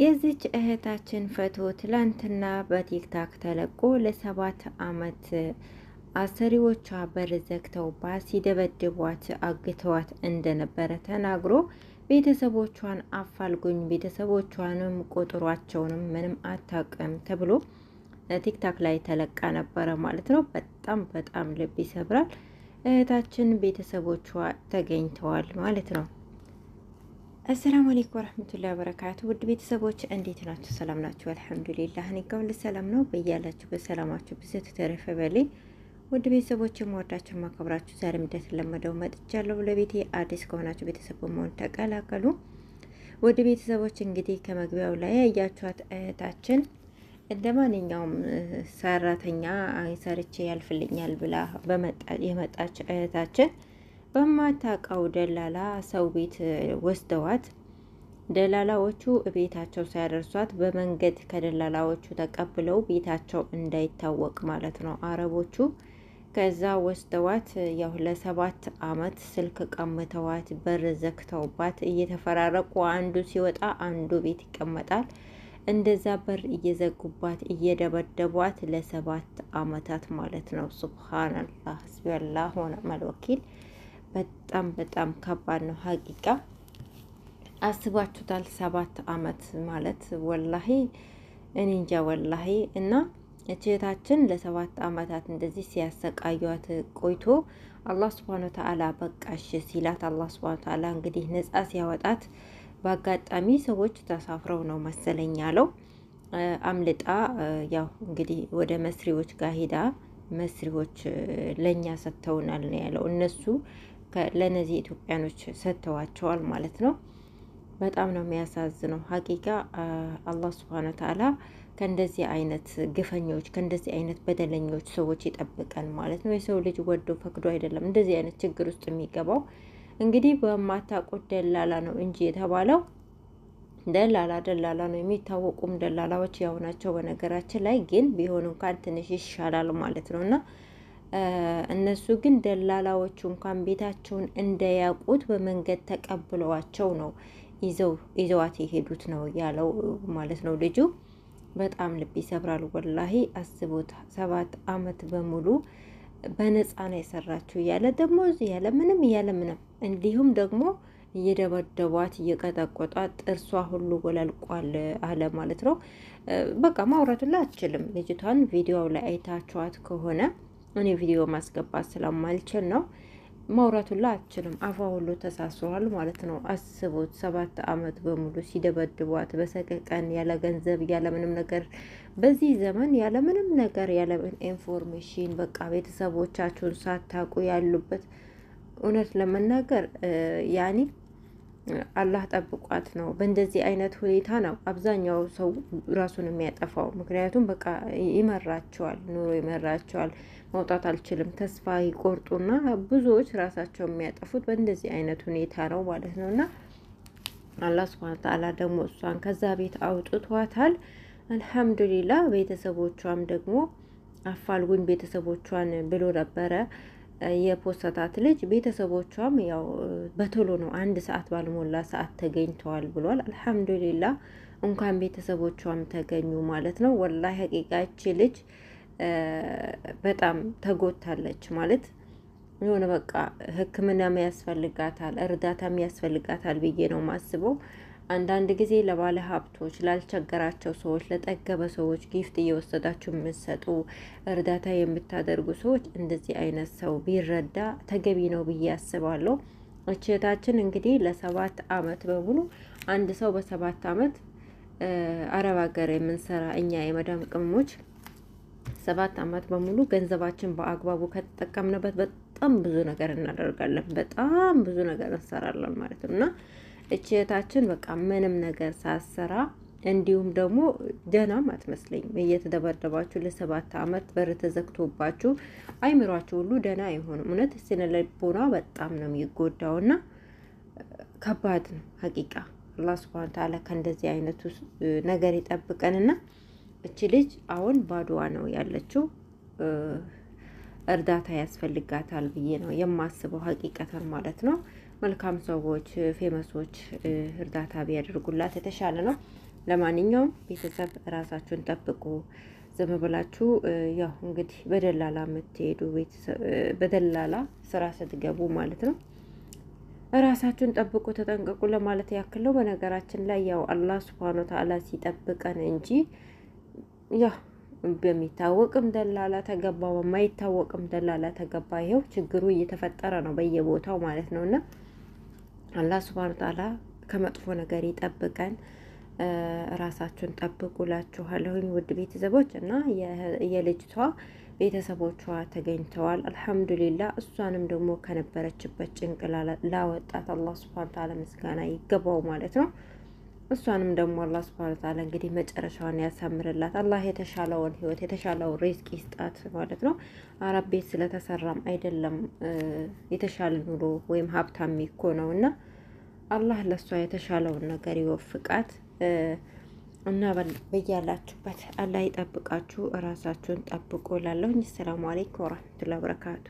የዚች እህታችን ፈቶ ትላንትና በቲክታክ ተለቆ ለሰባት አመት አሰሪዎቿ በር ዘግተውባት ሲደበድቧት አግተዋት እንደነበረ ተናግሮ ቤተሰቦቿን አፋልጉኝ ቤተሰቦቿንም ቁጥሯቸውንም ምንም አታውቅም ተብሎ ቲክታክ ላይ ተለቃ ነበረ ማለት ነው። በጣም በጣም ልብ ይሰብራል። እህታችን ቤተሰቦቿ ተገኝተዋል ማለት ነው። አሰላሙ አለይኩም ወረህመቱላሂ ወበረካቱ ውድ ቤተሰቦች እንዴት ናችሁ? ሰላም ናችሁ? አልሐምዱሊላህ እኔ ጋር ሁሉ ሰላም ነው። በያላችሁ በሰላማችሁ ብዙ ተተረፈ በሌ ውድ ቤተሰቦች የምወዳችሁ ማከብራችሁ፣ ዛሬም እንደተለመደው መጥቻለሁ። ለቤቴ አዲስ ከሆናችሁ ቤተሰብ በመሆን ተቀላቀሉ። ውድ ቤተሰቦች እንግዲህ ከመግቢያው ላይ ያያችኋት እህታችን እንደ ማንኛውም ሰራተኛ ሰርቼ ያልፍልኛል ብላ የመጣች እህታችን በማታቀው ደላላ ሰው ቤት ወስደዋት ደላላዎቹ ቤታቸው ሳያደርሷት በመንገድ ከደላላዎቹ ተቀብለው ቤታቸው እንዳይታወቅ ማለት ነው አረቦቹ። ከዛ ወስደዋት ያው ለሰባት አመት ስልክ ቀምተዋት በር ዘግተውባት እየተፈራረቁ አንዱ ሲወጣ አንዱ ቤት ይቀመጣል። እንደዛ በር እየዘጉባት እየደበደቧት ለሰባት አመታት ማለት ነው። ሱብሃነላህ፣ ሐስቢየላህ ወኒዕመል ወኪል በጣም በጣም ከባድ ነው። ሀቂቃ አስባችሁታል? ሰባት አመት ማለት ወላሂ እኔ እንጃ ወላሂ። እና እህታችን ለሰባት አመታት እንደዚህ ሲያሰቃዩት ቆይቶ አላህ ስብሃነ ወተዓላ በቃሽ ሲላት አላህ ስብሃነ ወተዓላ እንግዲህ ነጻ ሲያወጣት በአጋጣሚ ሰዎች ተሳፍረው ነው መሰለኝ ያለው አምልጣ ያው እንግዲህ ወደ መስሪዎች ጋር ሄዳ መስሪዎች ለእኛ ሰጥተውናል ነው ያለው እነሱ ለነዚህ ኢትዮጵያኖች ሰጥተዋቸዋል ማለት ነው። በጣም ነው የሚያሳዝነው። ሀቂቃ አላህ ስብሐነ ተዓላ ከእንደዚህ አይነት ግፈኞች ከእንደዚህ አይነት በደለኞች ሰዎች ይጠብቀን ማለት ነው። የሰው ልጅ ወዶ ፈቅዶ አይደለም እንደዚህ አይነት ችግር ውስጥ የሚገባው። እንግዲህ በማታውቁት ደላላ ነው እንጂ የተባለው ደላላ ደላላ ነው። የሚታወቁም ደላላዎች ያው ናቸው። በነገራችን ላይ ግን ቢሆን እንኳን ትንሽ ይሻላል ማለት ነው እና እነሱ ግን ደላላዎቹ እንኳን ቤታቸውን እንደያውቁት በመንገድ ተቀብለዋቸው ነው ይዘው ይዘዋት የሄዱት ነው ያለው ማለት ነው ልጁ። በጣም ልብ ይሰብራል ወላሂ አስቦት። ሰባት አመት በሙሉ በነፃ ነው የሰራችው እያለ ደግሞ ያለ ምንም እያለ ምንም እንዲሁም ደግሞ እየደበደቧት እየቀጠቆጧት ጥርሷ ሁሉ ወላልቋል አለ ማለት ነው። በቃ ማውራቱላ አችልም ልጅቷን። ቪዲዮው ላይ አይታችኋት ከሆነ እኔ ቪዲዮ ማስገባት ስለማልችል ነው። ማውራቱላ አችልም አፋ ሁሉ ተሳስሯል ማለት ነው። አስቡት ሰባት አመት በሙሉ ሲደበድቧት በሰቀቀን ያለ ገንዘብ ያለ ምንም ነገር በዚህ ዘመን ያለ ምንም ነገር ያለ ኢንፎርሜሽን በቃ ቤተሰቦቻችሁን ሳታውቁ ያሉበት እውነት ለመናገር ያኔ አላህ ጠብቋት ነው። በእንደዚህ አይነት ሁኔታ ነው አብዛኛው ሰው ራሱን የሚያጠፋው። ምክንያቱም በቃ ይመራቸዋል፣ ኑሮ ይመራቸዋል። መውጣት አልችልም ተስፋ ይቆርጡና ብዙዎች ራሳቸው የሚያጠፉት በእንደዚህ አይነት ሁኔታ ነው ማለት ነው እና አላህ ስብሃነ ተዓላ ደግሞ እሷን ከዛ ቤት አውጥቷታል። አልሐምዱሊላ ቤተሰቦቿም ደግሞ አፋልጉኝ ቤተሰቦቿን ብሎ ነበረ። የፖሰታት ልጅ ቤተሰቦቿም ያው በቶሎ ነው አንድ ሰዓት ባልሞላ ሰዓት ተገኝተዋል ብሏል። አልሐምዱሊላ እንኳን ቤተሰቦቿም ተገኙ ማለት ነው። ወላ ሀቂቃች ልጅ በጣም ተጎታለች ማለት የሆነ በቃ ሕክምናም ያስፈልጋታል እርዳታም ያስፈልጋታል ብዬ ነው ማስበው። አንዳንድ ጊዜ ለባለ ሀብቶች፣ ላልቸገራቸው ሰዎች፣ ለጠገበ ሰዎች ጊፍት እየወሰዳችሁ የምትሰጡ እርዳታ የምታደርጉ ሰዎች እንደዚህ አይነት ሰው ቢረዳ ተገቢ ነው ብዬ አስባለሁ። እችታችን እንግዲህ ለሰባት አመት በሙሉ አንድ ሰው በሰባት አመት አረብ ሀገር የምንሰራ እኛ የመዳም ቅመሞች ሰባት አመት በሙሉ ገንዘባችን በአግባቡ ከተጠቀምንበት በጣም ብዙ ነገር እናደርጋለን። በጣም ብዙ ነገር እንሰራለን ማለት ነው እና እችታችን በቃ ምንም ነገር ሳሰራ እንዲሁም ደግሞ ደህናም አትመስለኝም። እየተደበደባችሁ ለሰባት አመት በር ተዘግቶባችሁ አይምሯችሁ ሁሉ ደህና አይሆንም። እውነት ስነልቦና በጣም ነው የሚጎዳውና ከባድ ነው ሀቂቃ። አላህ ስብሃነ ተዓላ ከእንደዚህ አይነቱ ነገር ይጠብቀንና እች ልጅ አሁን ባዶዋ ነው ያለችው። እርዳታ ያስፈልጋታል ብዬ ነው የማስበው ሀቂቀተን ማለት ነው። መልካም ሰዎች፣ ፌመሶች እርዳታ ቢያደርጉላት የተሻለ ነው። ለማንኛውም ቤተሰብ ራሳችሁን ጠብቁ። ዝም ብላችሁ ያው እንግዲህ በደላላ የምትሄዱ በደላላ ስራ ስትገቡ ማለት ነው ራሳችሁን ጠብቁ፣ ተጠንቀቁ ለማለት ያክል ነው። በነገራችን ላይ ያው አላህ ስብሐነ ወተዓላ ሲጠብቀን እንጂ ያው በሚታወቅም ደላላ ተገባ፣ በማይታወቅም ደላላ ተገባ። ይኸው ችግሩ እየተፈጠረ ነው በየቦታው ማለት ነው እና አላህ ስብሃነ ወተዓላ ከመጥፎ ነገር ይጠብቀን። ራሳችሁን ጠብቁላችኋለሁኝ ውድ ቤተሰቦች እና የልጅቷ ቤተሰቦቿ ተገኝተዋል። አልሐምዱሊላ እሷንም ደግሞ ከነበረችበት ጭንቅ ላወጣት አላህ ስብሃነ ወተዓላ ምስጋና ይገባው ማለት ነው። እሷንም ደግሞ አላህ ስብሐነ ወተዓላ እንግዲህ መጨረሻዋን ያሳምርላት። አላህ የተሻለውን ህይወት የተሻለውን ሪዝቅ ይስጣት ማለት ነው። አረብ ቤት ስለተሰራም አይደለም የተሻለ ኑሮ ወይም ሀብታም እኮ ነው እና አላህ ለእሷ የተሻለውን ነገር ይወፍቃት እና በያላችሁበት አላህ ይጠብቃችሁ። እራሳችሁን ጠብቁ እላለሁ። ሰላሙ አለይኩም ወራህመቱላሂ ወበረካቱ